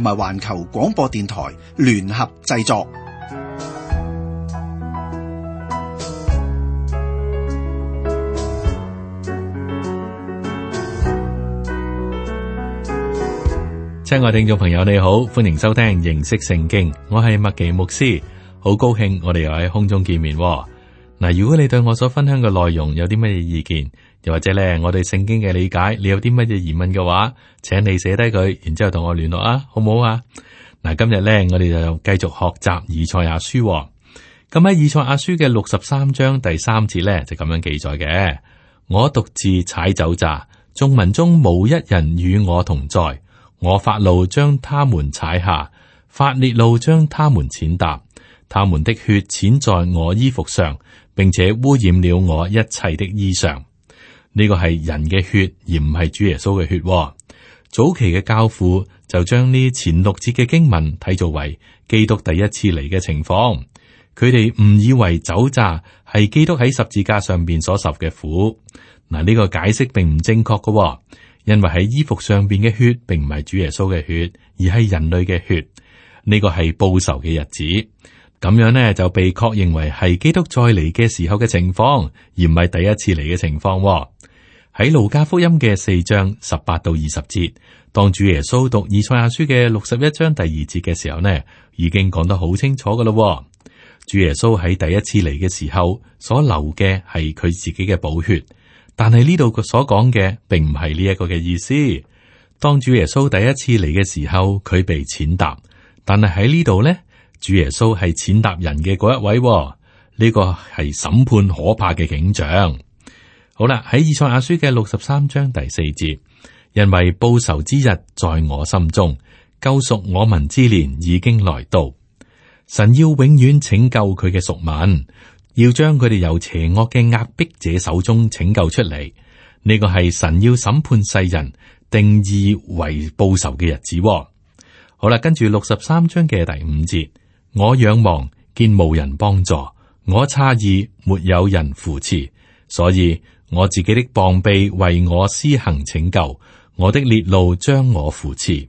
同埋環球廣播電台聯合製作。親愛的聽眾朋友，你好，歡迎收聽認識聖經。我係麥基牧師，好高興我哋又喺空中見面。嗱，如果你對我所分享嘅內容有啲乜嘢意見，又或者咧，我對聖經嘅理解，你有啲乜嘢疑問嘅話，請你寫低佢，然之後同我聯絡啊，好唔好啊？嗱，今日咧，我哋就繼續學習以賽亞書。咁喺以賽亞書嘅六十三章第三節咧，就咁樣記載嘅。我獨自踹酒榨，眾民中冇一人與我同在，我發怒，將他們踹下，發烈怒，將他們踐踏，他們的血濺在我衣服上，並且污染了我一切的衣裳。呢個係人嘅血，而唔係主耶穌嘅血。早期嘅教父就將呢前六節嘅經文睇做為基督第一次嚟嘅情況。佢哋誤以為酒榨係基督喺十字架上邊所受嘅苦。嗱，呢個解釋並唔正確噶，因為喺衣服上邊嘅血並唔係主耶穌嘅血，而係人類嘅血。呢個係報仇嘅日子，咁樣呢，就被確認為係基督再嚟嘅時候嘅情況，而唔係第一次嚟嘅情況。喺路加福音嘅四章十八到二十節，當主耶穌讀以賽亞書嘅六十一章第二節嘅時候呢，已經講得好清楚噶啦。主耶穌喺第一次嚟嘅時候所流嘅係佢自己嘅寶血，但係呢度佢所講嘅並唔係呢一個嘅意思。當主耶穌第一次嚟嘅時候，佢被踐踏，但係喺呢度呢，主耶穌係踐踏人嘅嗰一位。呢、這個係審判可怕嘅景象。好啦，喺以賽亞書嘅六十三章第四節，因為報仇之日在我心中，救贖我民之年已經來到。神要永遠拯救佢嘅屬民，要將佢哋由邪惡嘅壓迫者手中拯救出嚟。呢個係神要審判世人，定義為報仇嘅日子。好啦，跟住六十三章嘅第五節，我仰望見無人幫助，我詫異沒有人扶持，所以。我自己的膀臂為我施行拯救，我的烈怒將我扶持。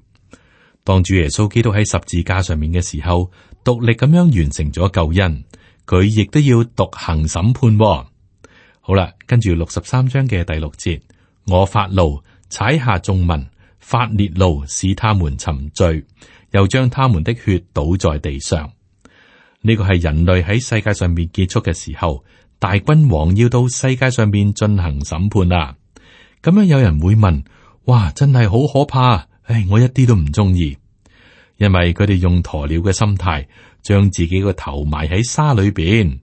當主耶穌基督喺十字架上面嘅時候，獨力咁樣完成咗救恩，佢亦都要獨行審判，哦。好啦，跟住六十三章嘅第六節，我發怒踩下眾民，發烈怒使他們沉醉，又將他們的血倒在地上。呢、這個係人類喺世界上面結束嘅時候。大君王要到世界上邊進行審判啊，咁樣有人會問：哇，真係好可怕！唉，我一啲都唔中意，因為佢哋用鴕鳥嘅心態，將自己個頭埋喺沙裏邊。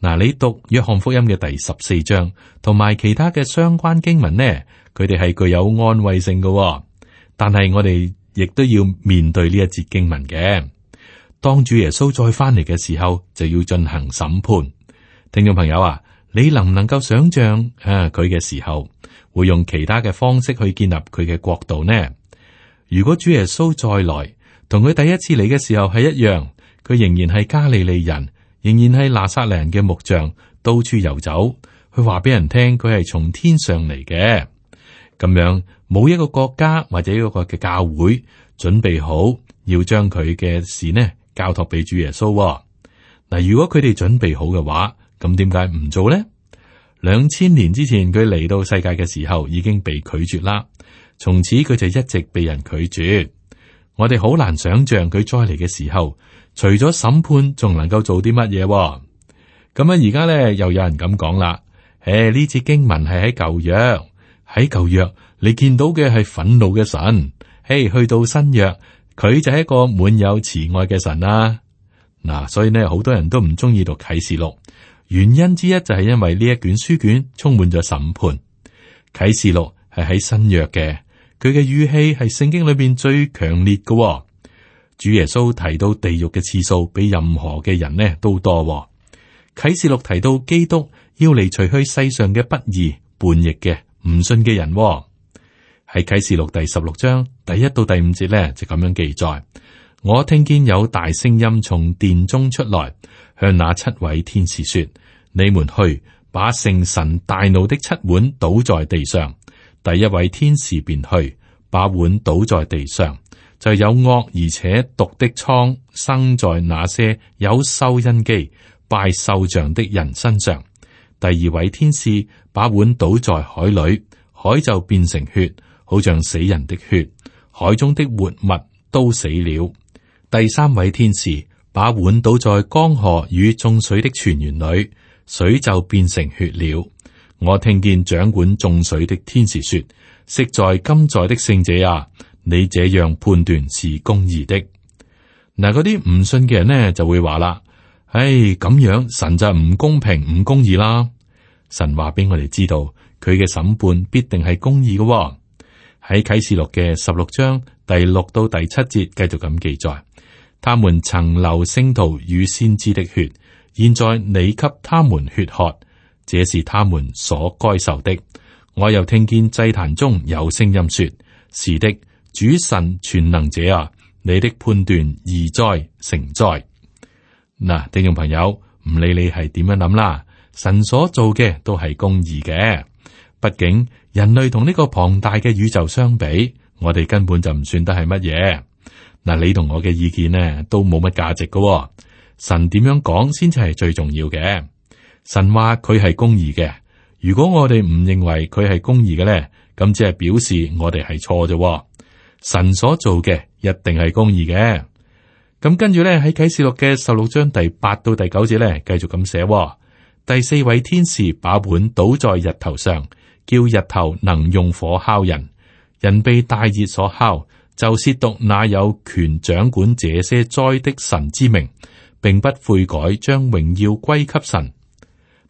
嗱、啊，你讀約翰福音嘅第十四章，同埋其他嘅相關經文呢，佢哋係具有安慰性嘅，但係我哋亦都要面對呢一節經文嘅。當主耶穌再翻嚟嘅時候，就要進行審判。聽眾朋友啊，你能唔能夠想象啊，佢嘅時候會用其他嘅方式去建立佢嘅國度呢？如果主耶穌再來，同佢第一次嚟嘅時候係一樣，佢仍然係加利利人，仍然係拿撒勒人嘅木匠，到處遊走去話俾人聽佢係從天上嚟嘅。咁樣，冇一個國家或者一個嘅教會準備好要將佢嘅事呢交託俾主耶穌嗱、哦。如果佢哋準備好嘅話。咁點解唔做呢？兩千年之前佢嚟到世界嘅時候已經被拒絕啦。從此佢就一直被人拒絕。我哋好難想象佢再嚟嘅時候，除咗審判，仲能夠做啲乜嘢？咁啊，而家咧又有人咁講啦。誒，呢次經文係喺舊約，喺舊約你見到嘅係憤怒嘅神。誒，去到新約佢就係一個滿有慈愛嘅神啦、啊。嗱、啊，所以呢，好多人都唔中意讀啟示錄。原因之一就係因為呢一卷書卷充滿咗審判。啟示錄係喺新約嘅，佢嘅語氣係聖經裏邊最強烈嘅，哦。主耶穌提到地獄嘅次數比任何嘅人呢都多，哦。啟示錄提到基督要嚟除去世上嘅不義、叛逆嘅、唔信嘅人，哦。喺啟示錄第十六章第一到第五節咧就咁樣記載。我聽見有大聲音從殿中出來，向那七位天使說：你們去，把聖神大怒的七碗倒在地上。第一位天使便去，把碗倒在地上，就有惡而且毒的瘡生在那些有獸印記拜獸像的人身上。第二位天使把碗倒在海裏，海就變成血，好像死人的血，海中的活物都死了。第三位天使把碗倒在江河與眾水的泉源裏，水就變成血了。我聽見掌管眾水的天使說：昔在今在的聖者啊，你這樣判斷是公義的。嗱，嗰啲唔信嘅人呢，就會話啦：唉、哎，咁樣神就唔公平唔公義啦。神話俾我哋知道，佢嘅審判必定係公義嘅，哦。喺啟示錄嘅十六章第六到第七節，繼續咁記載。他們曾流聖徒與先知的血，現在你給他們血喝，這是他們所該受的。我又聽見祭壇中有聲音說：是的，主神全能者啊，你的判斷義哉誠哉。嗱、啊，聽眾朋友，唔理你係點樣諗啦，神所做嘅都係公義嘅，畢竟人類同呢個龐大嘅宇宙相比，我哋根本就唔算得係乜嘢。嗱，你同我嘅意見呢，都冇乜價值嘅哦。神點樣講先至係最重要嘅。神話佢係公義嘅，如果我哋唔認為佢係公義嘅咧，咁只係表示我哋係錯啫。神所做嘅一定係公義嘅。咁跟住咧，喺啟示錄嘅十六章第八到第九節咧，繼續咁寫哦。第四位天使把碗倒在日頭上，叫日頭能用火烤人，人被大熱所烤。就褻瀆那有權掌管這些災的神之名，并不悔改，將榮耀歸給神。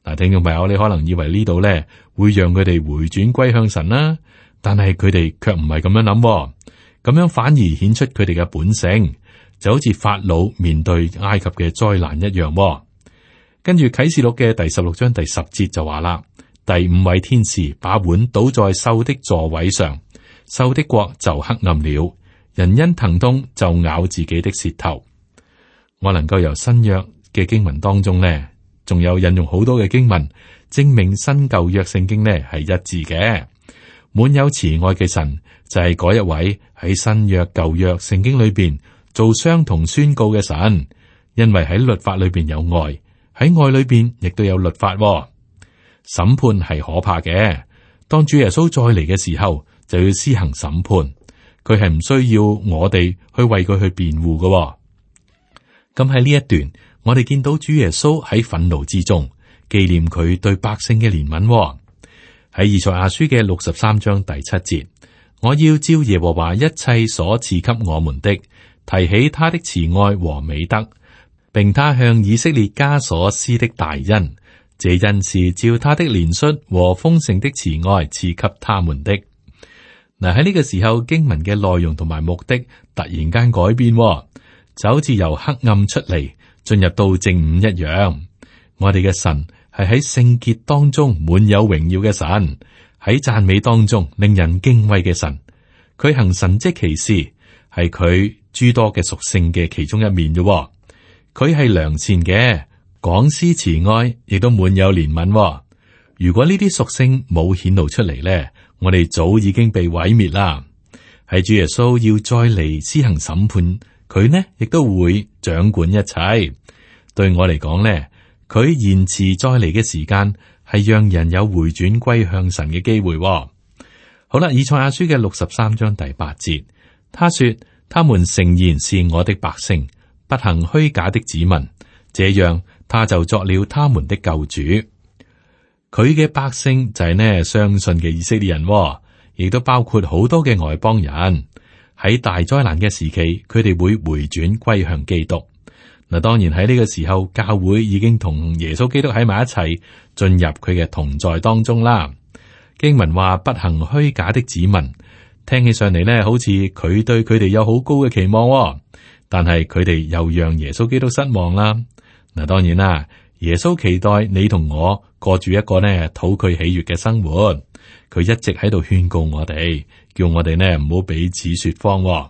嗱，聽眾朋友，你可能以為呢度咧，會讓佢哋回轉歸向神啦，但係佢哋卻唔係咁樣諗，咁樣反而顯出佢哋嘅本性，就好似法老面對埃及嘅災難一樣。跟住啟示錄嘅第十六章第十節就話啦，第五位天使把碗倒在獸的座位上。受的國就黑暗了，人因疼痛就咬自己的舌頭。我能夠由新約嘅經文當中呢，仲有引用好多嘅經文，證明新舊約聖經呢係一致嘅。滿有慈愛嘅神就係、是、嗰一位喺新約舊約，約聖經裏邊做相同宣告嘅神，因為喺律法裏邊有愛，喺愛裏邊亦都有律法，哦。審判係可怕嘅，當主耶穌再嚟嘅時候，就要施行審判，佢係唔需要我哋去為佢去辯護噶。咁喺呢一段，我哋見到主耶穌喺憤怒之中紀念佢對百姓嘅憐憫。喺以賽亞書嘅六十三章第七節，我要照耶和華一切所賜給我們的，提起他的慈愛和美德，並他向以色列家所施的大恩，這恩是照他的憐恤和豐盛的慈愛賜給他們的。嗱，喺呢個時候，經文嘅內容同埋目的突然間改變，就好似由黑暗出嚟進入到正午一樣。我哋嘅神係喺聖潔當中滿有榮耀嘅神，喺讚美當中令人敬畏嘅神。佢行神蹟奇事，係佢諸多嘅屬性嘅其中一面啫。佢係良善嘅，廣施慈愛，亦都滿有憐憫。如果呢啲屬性冇顯露出嚟咧？我哋早已經被毀滅啦，係主耶穌要再嚟施行審判，佢呢亦都會掌管一切。對我嚟講呢，佢延遲再嚟嘅時間，係讓人有回轉歸向神嘅機會哦。好啦，以賽亞書嘅六十三章第八節，他說：他們誠然是我的百姓，不行虛假的子民，這樣他就作了他們的救主。佢嘅百姓就係呢相信嘅以色列人、哦，亦都包括好多嘅外邦人。喺大災難嘅時期，佢哋會回轉歸向基督。嗱，當然喺呢個時候，教會已經同耶穌基督喺埋一齊，進入佢嘅同在當中啦。經文話：不行虛假的子民，聽起上嚟呢，好似佢對佢哋有好高嘅期望、哦，但係佢哋又讓耶穌基督失望啦。嗱，當然啦。耶穌期待你同我過住一個呢，討佢喜悅嘅生活。佢一直喺度勸告我哋，叫我哋呢唔好彼此說謊喎。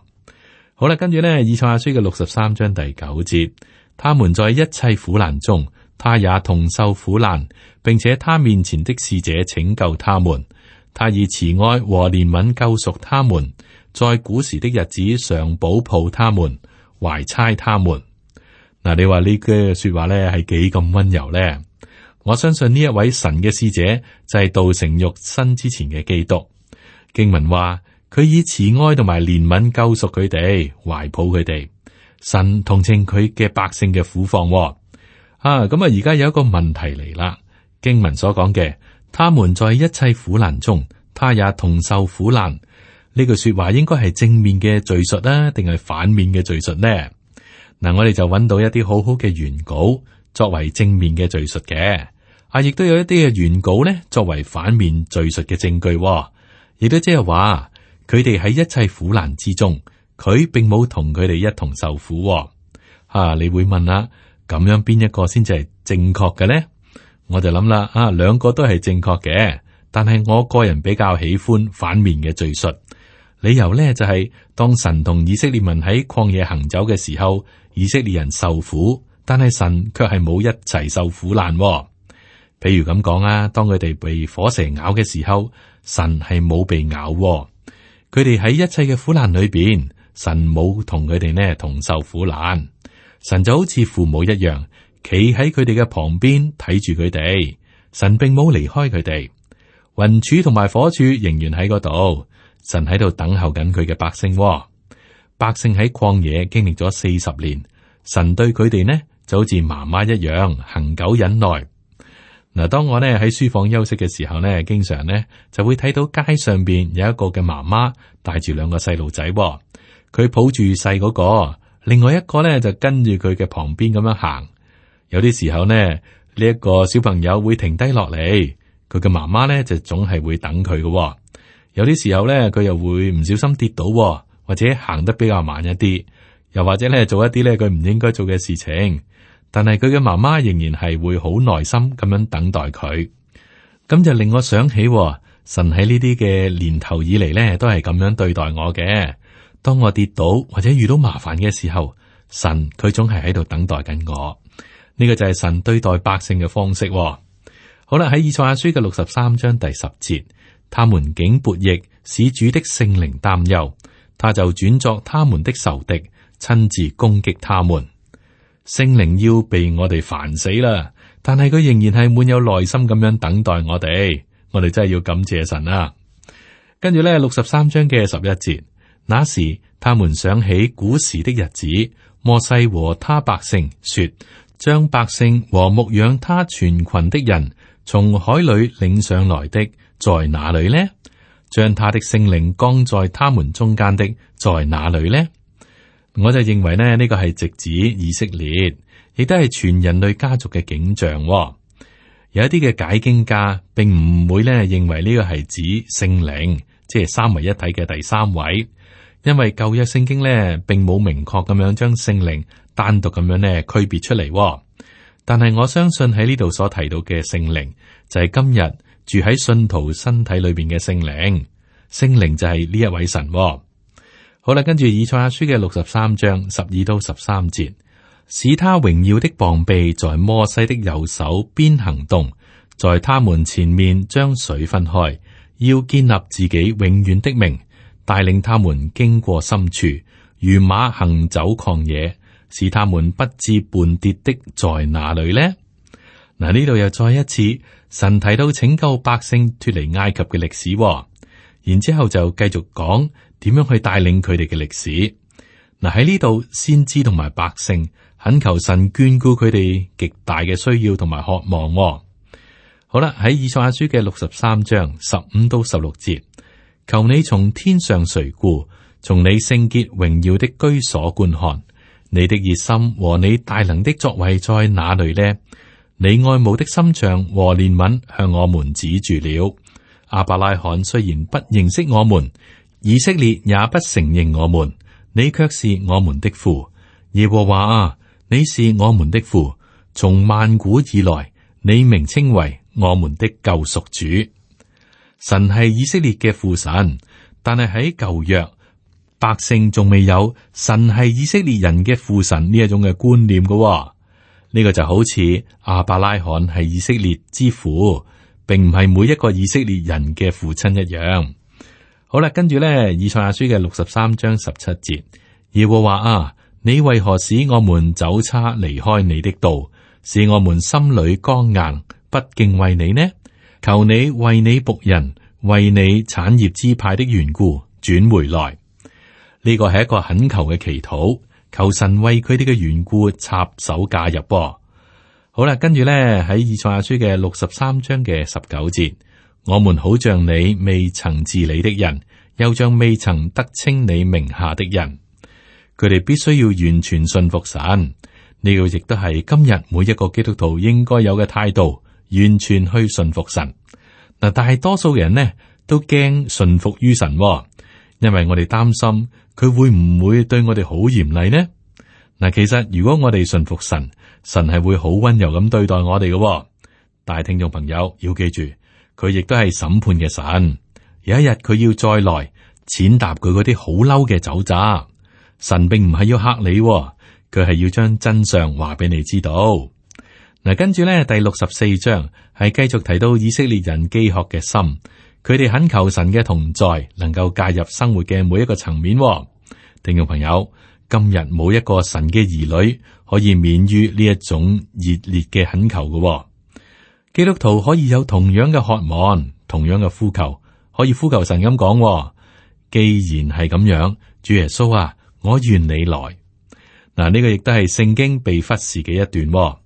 好啦，跟住呢以賽亞書嘅六十三章第九節，他們在一切苦難中，他也同受苦難，並且他面前的使者拯救他們，他以慈愛和憐憫救贖他們，在古時的日子常保抱他們，懷搋他們。嗱，你話呢句說話咧係幾咁溫柔咧？我相信呢一位神嘅使者就係道成肉身之前嘅基督。經文話佢以慈愛同埋憐憫救贖佢哋，懷抱佢哋。神同情佢嘅百姓嘅苦況。啊，咁啊，而家有一個問題嚟啦。經文所講嘅，他們在一切苦難中，他也同受苦難。呢句說話應該係正面嘅敘述啦，定係反面嘅敘述呢？嗱，我哋就揾到一啲好好嘅原稿作為正面嘅敘述嘅，啊，亦都有一啲嘅原稿咧作為反面敘述嘅證據，哦，亦都即係話佢哋喺一切苦難之中，佢並冇同佢哋一同受苦，哦。啊。你會問啦，咁樣邊一個先至係正確嘅咧？我就諗啦，啊，兩個都係正確嘅，但係我個人比較喜歡反面嘅敘述，理由咧就係、是、當神同以色列民喺曠野行走嘅時候。以色列人受苦，但係神卻係冇一齊受苦難喎。譬如咁講啊，當佢哋被火蛇咬嘅時候，神係冇被咬喎。佢哋喺一切嘅苦難裏邊，神冇同佢哋呢同受苦難。神就好似父母一樣，企喺佢哋嘅旁邊睇住佢哋。神並冇離開佢哋，雲柱同埋火柱仍然喺嗰度。神喺度等候緊佢嘅百姓喎。百姓喺曠野經歷咗四十年，神對佢哋呢就好似媽媽一樣，恒久忍耐。嗱，當我呢喺書房休息嘅時候呢，經常呢就會睇到街上邊有一個嘅媽媽帶住兩個細路仔，佢抱住細嗰個，另外一個呢就跟住佢嘅旁邊咁樣行。有啲時候呢呢一個小朋友會停低落嚟，佢嘅媽媽呢就總係會等佢嘅喎。有啲時候呢佢又會唔小心跌倒喎。或者行得比較慢一啲，又或者咧做一啲咧佢唔應該做嘅事情。但係佢嘅媽媽仍然係會好耐心咁樣等待佢。咁就令我想起神喺呢啲嘅年頭以嚟咧，都係咁樣對待我嘅。當我跌倒或者遇到麻煩嘅時候，神佢總係喺度等待緊我。呢、這個就係神對待百姓嘅方式。好啦，喺以賽亞書嘅六十三章第十節，他們竟悖逆，使主的聖靈擔憂。他就轉作他們的仇敵，親自攻擊他們。聖靈要被我哋煩死啦，但係佢仍然係滿有耐心咁樣等待我哋。我哋真係要感謝神啦、啊。跟住呢，六十三章嘅十一節，那時他們想起古時的日子，摩西和他百姓說：將百姓和牧養他全群的人從海裏領上來的，在哪裏呢？將他的聖靈降在他們中間的，在哪裡呢？我就認為呢，呢、這個係直指以色列，亦都係全人類家族嘅景象，哦。有一啲嘅解經家並唔會呢認為呢個係指聖靈，即係三位一體嘅第三位，因為舊約聖經呢並冇明確咁樣將聖靈單獨咁樣呢區別出嚟，哦。但係我相信喺呢度所提到嘅聖靈就係、是、今日。住喺信徒身體裏邊嘅聖靈，聖靈就係呢一位神、哦。好啦，跟住以賽亞書嘅六十三章十二到十三節，使他榮耀的膀臂在摩西的右手邊行動，在他們前面將水分開，要建立自己永遠的名，帶領他們經過深處，如馬行走曠野，使他們不知半跌的在哪裏呢？嗱，呢度又再一次，神提到拯救百姓脫離埃及嘅歷史、哦，然之後就繼續講點樣去帶領佢哋嘅歷史。嗱、啊，喺呢度先知同埋百姓懇求神眷顧佢哋極大嘅需要同埋渴望、哦。好啦，喺以賽亞書嘅六十三章十五到十六節，求你從天上垂顧，從你聖潔榮耀的居所觀看，你的熱心和你大能的作為在哪裏呢？你愛慕的心腸和憐憫向我們指住了。亞伯拉罕雖然不認識我們，以色列也不承認我們，你卻是我們的父。耶和華啊，你是我們的父，從萬古以來，你名稱為我們的救贖主。神係以色列嘅父神，但係喺舊約，百姓仲未有神係以色列人嘅父神呢一種嘅觀念嘅。呢個就好似阿伯拉罕係以色列之父，並唔係每一個以色列人嘅父親一樣。好啦，跟住呢，以賽亞書嘅六十三章十七節，耶和華啊，你為何使我們走差離開你的道，使我們心裡剛硬不敬畏你呢？求你為你僕人、為你產業支派的緣故轉回來。呢個係一個懇求嘅祈禱。求神為佢哋嘅緣故插手介入喎。好啦，跟住咧喺《以賽亞書》嘅六十三章嘅十九節，我們好像你未曾治理的人，又像未曾得稱你名下的人。佢哋必須要完全信服神。呢個亦都係今日每一個基督徒應該有嘅態度，完全去信服神。嗱，但係多數人呢都驚信服於神喎。因為我哋擔心佢會唔會對我哋好嚴厲呢？嗱，其實如果我哋順服神，神係會好温柔咁對待我哋㗎。但係聽眾朋友要記住，佢亦都係審判嘅神，有一日佢要再來踐踏佢嗰啲好嬲嘅酒醡。神並唔係要吓你，佢係要將真相話俾你知道。嗱，跟住咧第六十四章係繼續提到以色列人飢渴嘅心。佢哋懇求神嘅同在，能夠介入生活嘅每一個層面、哦。聽眾朋友，今日冇一個神嘅兒女可以免於呢一種熱烈嘅懇求嘅、哦。基督徒可以有同樣嘅渴望，同樣嘅呼求，可以呼求神咁講、哦。既然係咁樣，主耶穌啊，我願你來。嗱，呢、這個亦都係聖經被忽視嘅一段、哦。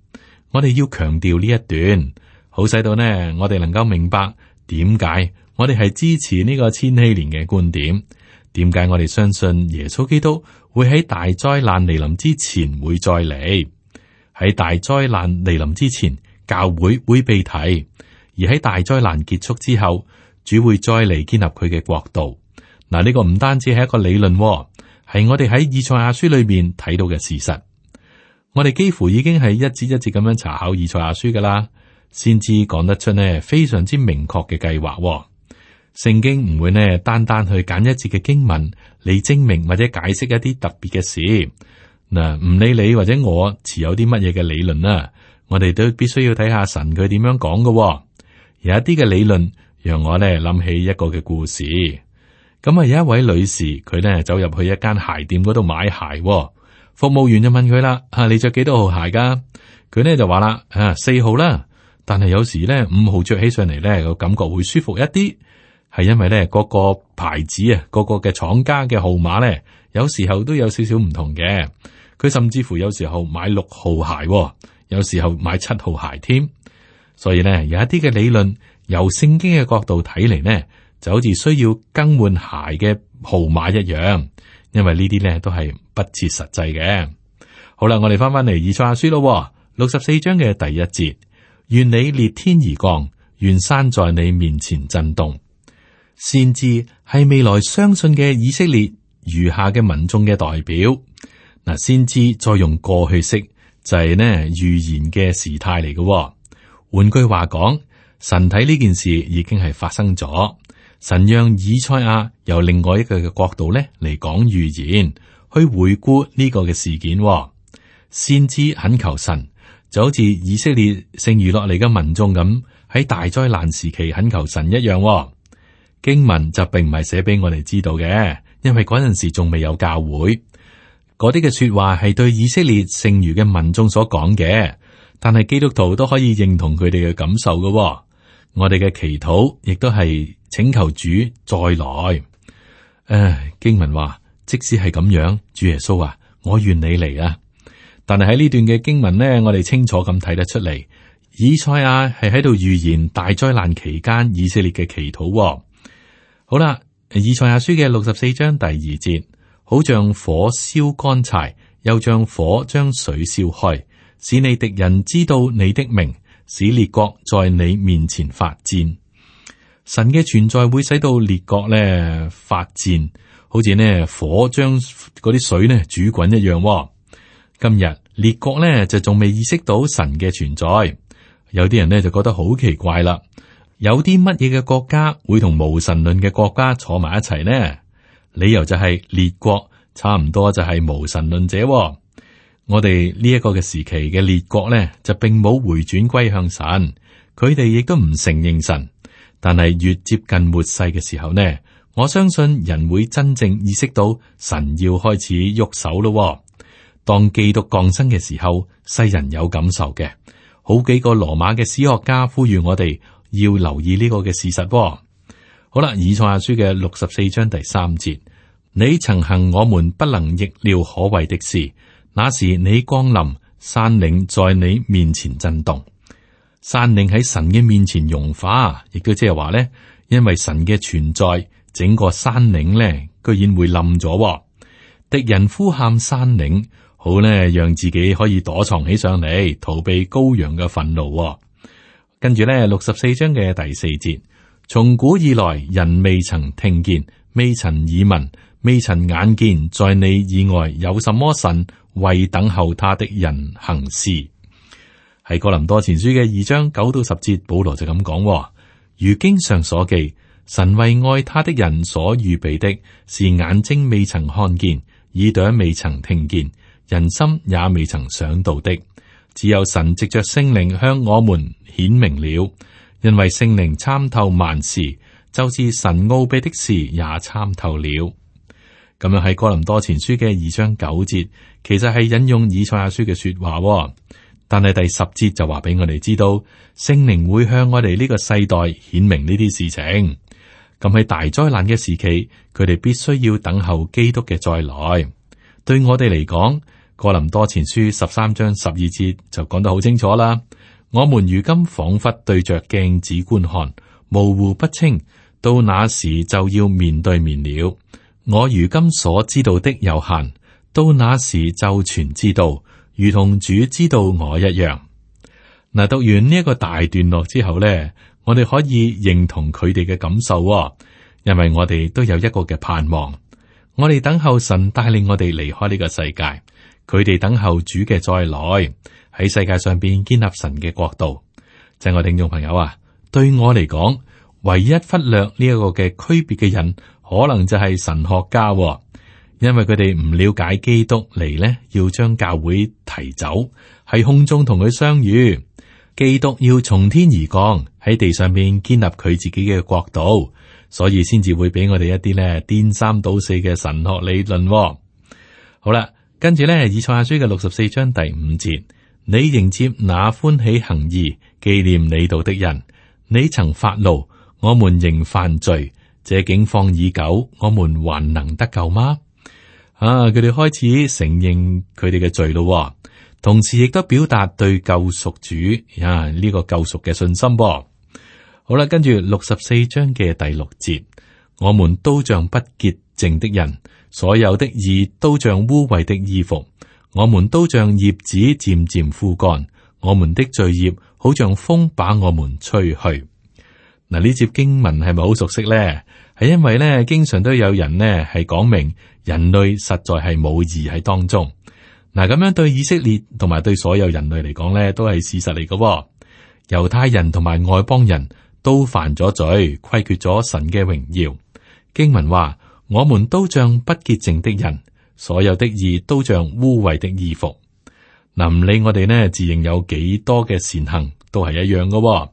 我哋要強調呢一段，好使到呢，我哋能夠明白點解。我哋係支持呢個千禧年嘅觀點。點解我哋相信耶穌基督會喺大災難嚟臨之前會再嚟？喺大災難嚟臨之前，教會會被提；而喺大災難結束之後，主會再嚟建立佢嘅國度。嗱，呢個唔單止係一個理論，係我哋喺以賽亞書裏面睇到嘅事實。我哋幾乎已經係一節一節咁樣查考以賽亞書噶啦，先至講得出呢，非常之明確嘅計劃。聖經唔會呢，單單去揀一節嘅經文嚟證明或者解釋一啲特別嘅事。嗱，唔理你或者我持有啲乜嘢嘅理論啦，我哋都必須要睇下神佢點樣講嘅。有一啲嘅理論，讓我呢諗起一個嘅故事。咁啊，有一位女士佢呢走入去一間鞋店嗰度買鞋，服務員就問佢啦：啊，你着幾多號鞋噶？佢呢就話啦：啊，四號啦，但係有時呢五號着起上嚟呢個感覺會舒服一啲。係因為咧，個個牌子啊，個個嘅廠家嘅號碼咧，有時候都有少少唔同嘅。佢甚至乎有時候買六號鞋，有時候買七號鞋添。所以咧，有一啲嘅理論由聖經嘅角度睇嚟，呢就好似需要更換鞋嘅號碼一樣。因為呢啲咧都係不切實際嘅。好啦，我哋翻翻嚟《以賽亞書》咯，六十四章嘅第一節，願你裂天而降，願山在你面前震動。先知係未來相信嘅以色列餘下嘅民眾嘅代表。嗱，先知再用過去式就係、是、呢預言嘅時態嚟嘅、哦。換句話講，神睇呢件事已經係發生咗，神讓以賽亞由另外一個嘅角度咧嚟講預言，去回顧呢個嘅事件、哦。先知懇求神，就好似以色列剩餘落嚟嘅民眾咁喺大災難時期懇求神一樣、哦。經文就並唔係寫俾我哋知道嘅，因為嗰陣時仲未有教會。嗰啲嘅說話係對以色列剩餘嘅民眾所講嘅，但係基督徒都可以認同佢哋嘅感受嘅哦。我哋嘅祈禱亦都係請求主再來。誒，經文話，即使係咁樣，主耶穌啊，我願你嚟啊。但係喺呢段嘅經文呢，我哋清楚咁睇得出嚟，以賽亞係喺度預言大災難期間以色列嘅祈禱哦。好啦，《以賽亞書》嘅六十四章第二節，好像火燒乾柴，又像火將水燒開，使你敵人知道你的名，使列國在你面前發戰。神嘅存在會使到列國呢發戰，好似呢火將嗰啲水呢煮滾一樣。今日列國呢就仲未意識到神嘅存在，有啲人呢就覺得好奇怪啦。有啲乜嘢嘅國家會同無神論嘅國家坐埋一齊呢？理由就係列國差唔多就係無神論者、哦。我哋呢一個嘅時期嘅列國呢，就並冇回轉歸向神，佢哋亦都唔承認神。但係越接近末世嘅時候呢，我相信人會真正意識到神要開始喐手咯、哦。當基督降生嘅時候，世人有感受嘅。好幾個羅馬嘅史學家呼籲我哋。要留意呢個嘅事實。好啦，《以賽亞書》嘅六十四章第三節： 你曾行我們不能逆料可畏的事，那時你光臨，山嶺在你面前震動，山嶺喺神嘅面前融化，亦都即係話呢，因為神嘅存在，整個山嶺呢，居然會冧咗。敵人呼喊山嶺，好呢，讓自己可以躲藏起上嚟，逃避羔羊嘅憤怒。跟住呢，六十四章嘅第四節，從古以來，人未曾聽見，未曾耳聞，未曾眼見，在你以外有什麼神為等候他的人行事？喺哥林多前書嘅二章九到十節，保羅就咁講：如經常上所記，神為愛他的人所預備的，是眼睛未曾看見，耳朵未曾聽見，人心也未曾想到的。只有神藉着聖靈向我們顯明了，因為聖靈參透萬事，就是神奧秘的事也參透了。咁樣喺哥林多前書嘅二章九節，其實係引用以賽亞書嘅說話，但係第十節就話俾我哋知道，聖靈會向我哋呢個世代顯明呢啲事情。咁喺大災難嘅時期，佢哋必須要等候基督嘅再來。對我哋嚟講，哥林多前書十三章十二節就講得好清楚啦。我們如今仿佛對着鏡子觀看，模糊不清。到那時就要面對面了。我如今所知道的有限，到那時就全知道，如同主知道我一樣。嗱，讀完呢一個大段落之後呢，我哋可以認同佢哋嘅感受，因為我哋都有一個嘅盼望，我哋等候神帶領我哋離開呢個世界。佢哋等候主嘅再來，喺世界上邊建立神嘅國度。真愛聽眾朋友啊，對我嚟講，唯一忽略呢一個嘅區別嘅人，可能就係神學家、哦，因為佢哋唔了解基督嚟咧，要將教會提走，喺空中同佢相遇。基督要從天而降，喺地上邊建立佢自己嘅國度，所以先至會俾我哋一啲咧顛三倒四嘅神學理論、哦。好啦。跟住咧，以賽亞書嘅六十四章第五節，你迎接那歡喜行義、紀念你道的人，你曾發怒，我們仍犯罪，這境況已久，我們還能得救嗎？啊，佢哋開始承認佢哋嘅罪咯，同時亦都表達對救贖主啊呢個救贖嘅信心。好啦，跟住六十四章嘅第六節，我們都像不潔淨的人。所有的義都像污穢的衣服，我們都像葉子漸漸枯乾，我們的罪孽好像風把我們吹去。嗱，呢節經文係咪好熟悉咧？係因為咧，經常都有人咧係講明人類實在係冇義喺當中。嗱，咁樣對以色列同埋對所有人類嚟講咧，都係事實嚟嘅。猶太人同埋外邦人都犯咗罪，虧缺咗神嘅榮耀。經文話。我們都像不潔淨的人，所有的義都像污穢的衣服。嗱，唔理我哋呢自認有幾多嘅善行都係一樣嘅，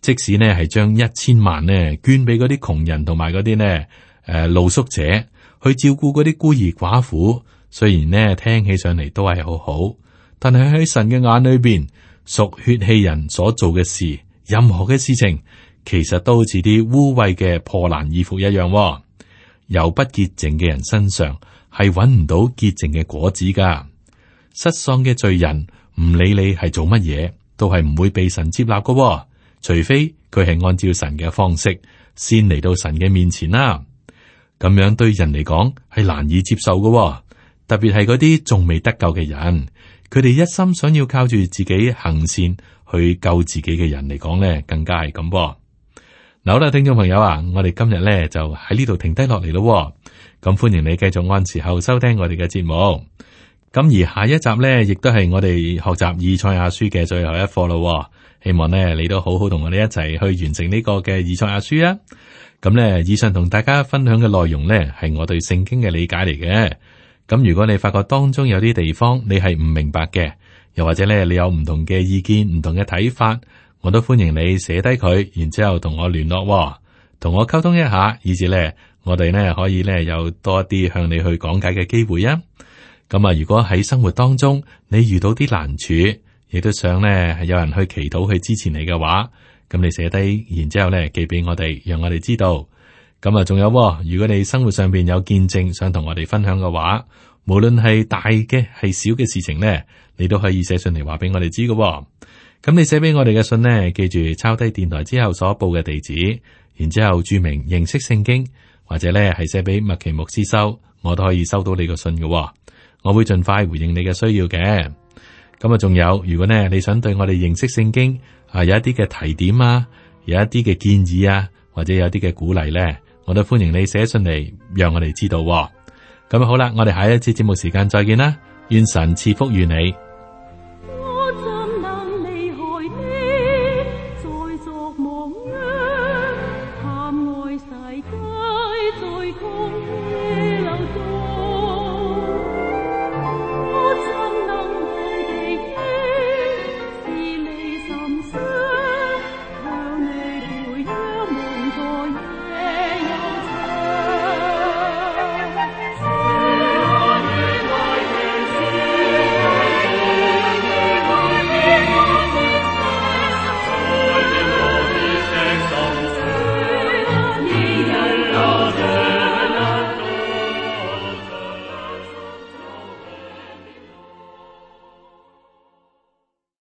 即使呢係將一千萬呢捐俾嗰啲窮人同埋嗰啲呢誒露宿者去照顧嗰啲孤兒寡婦，雖然呢聽起上嚟都係好好，但係喺神嘅眼裏邊屬血氣人所做嘅事，任何嘅事情其實都好似啲污穢嘅破爛衣服一樣。由不潔淨嘅人身上係揾唔到潔淨嘅果子噶，失喪嘅罪人唔理你係做乜嘢，都係唔會被神接納嘅，除非佢係按照神嘅方式，先嚟到神嘅面前啦。咁樣對人嚟講係難以接受嘅，特別係嗰啲仲未得救嘅人，佢哋一心想要靠住自己行善去救自己嘅人嚟講咧，更加係咁噃。好啦，聽眾朋友啊，我哋今日咧就喺呢度停低落嚟咯。咁歡迎你繼續按時候收聽我哋嘅節目。咁而下一集咧，亦都係我哋學習以賽亞書嘅最後一課咯。喎。希望咧你都好好同我哋一齊去完成呢個嘅以賽亞書啊。咁咧以上同大家分享嘅內容咧，係我對聖經嘅理解嚟嘅。咁如果你發覺當中有啲地方你係唔明白嘅，又或者咧你有唔同嘅意見、唔同嘅睇法。我都歡迎你寫低佢，然之後同我聯絡、哦，同我溝通一下，以至呢，我哋呢可以呢有多啲向你去講解嘅機會啊！咁、嗯、啊，如果喺生活當中你遇到啲難處，亦都想咧有人去祈禱去支持你嘅話，咁、嗯、你寫低，然之後咧寄俾我哋，讓我哋知道。咁、嗯、啊，仲有、哦，如果你生活上邊有見證想同我哋分享嘅話，無論係大嘅係小嘅事情呢，你都可以寫信嚟話俾我哋知嘅。咁你寫俾我哋嘅信呢，記住抄低電台之後所報嘅地址，然之後注明認識聖經，或者咧係寫俾麥奇牧師收，我都可以收到你個信嘅、哦。我會盡快回應你嘅需要嘅。咁啊，仲有，如果呢你想對我哋認識聖經啊，有一啲嘅提點啊，有一啲嘅建議啊，或者有一啲嘅鼓勵呢，我都歡迎你寫信嚟，讓我哋知道、哦。咁好啦，我哋下一次節目時間再見啦，願神賜福於你。